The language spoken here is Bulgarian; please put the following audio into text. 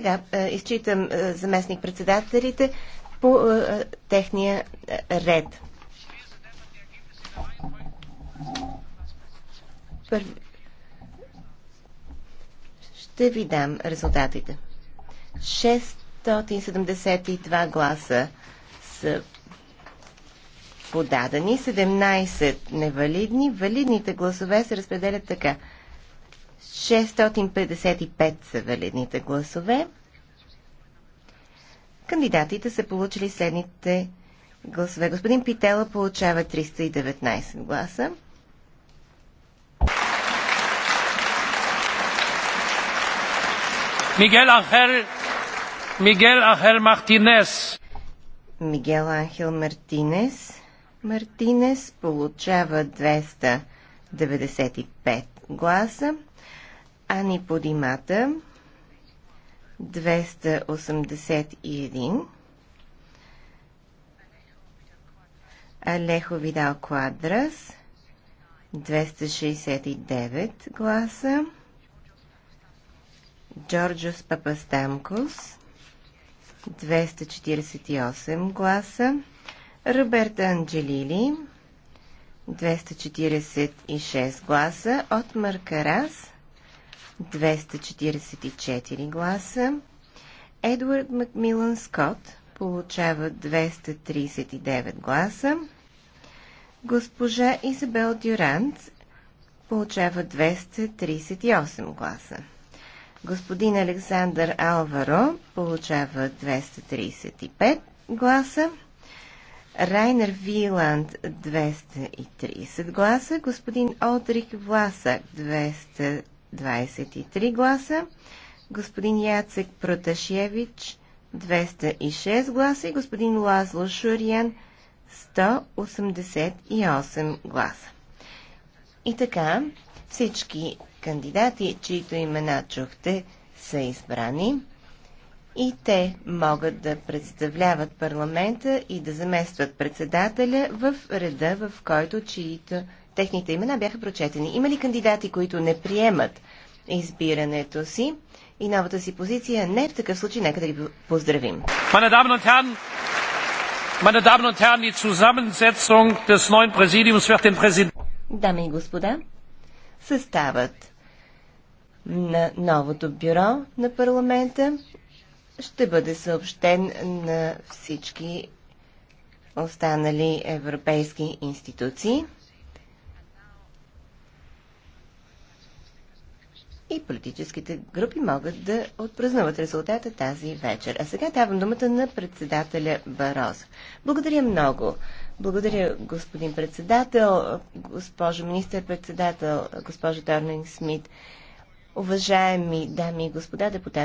Сега е, изчитам е, заместник-председателите по е, техния ред. Първи... Ще ви дам резултатите. 672 гласа са подадени, 17 невалидни. Валидните гласове се разпределят така. 655 са валидните гласове. Кандидатите са получили следните гласове. Господин Питела получава 319 гласа. Мигел Анхел, Мигел Анхел Мартинес. Мигел Анхел Мартинес. Мартинес получава 200 95 гласа. Ани Подимата 281. Алехо Видал Квадрас 269 гласа. Джорджос Папастамкос 248 гласа. Роберта Анджелили 246 гласа, от Маркарас 244 гласа, Едвард Макмилан Скотт получава 239 гласа, госпожа Изабел Дюрант получава 238 гласа. Господин Александър Алваро получава 235 гласа. Райнер Виланд 230 гласа, господин Олдрик Власак 223 гласа, господин Яцек Проташевич 206 гласа и господин Лазло Шуриан 188 гласа. И така, всички кандидати, чието имена чухте, са избрани и те могат да представляват парламента и да заместват председателя в реда, в който чието техните имена бяха прочетени. Има ли кандидати, които не приемат избирането си и новата си позиция? Не, е в такъв случай нека да ги поздравим. Дами и господа, съставът на новото бюро на парламента ще бъде съобщен на всички останали европейски институции и политическите групи могат да отпразнуват резултата тази вечер. А сега давам думата на председателя Бароз. Благодаря много. Благодаря, господин председател, госпожо министър-председател, госпожо Торнинг Смит, уважаеми дами и господа депутати.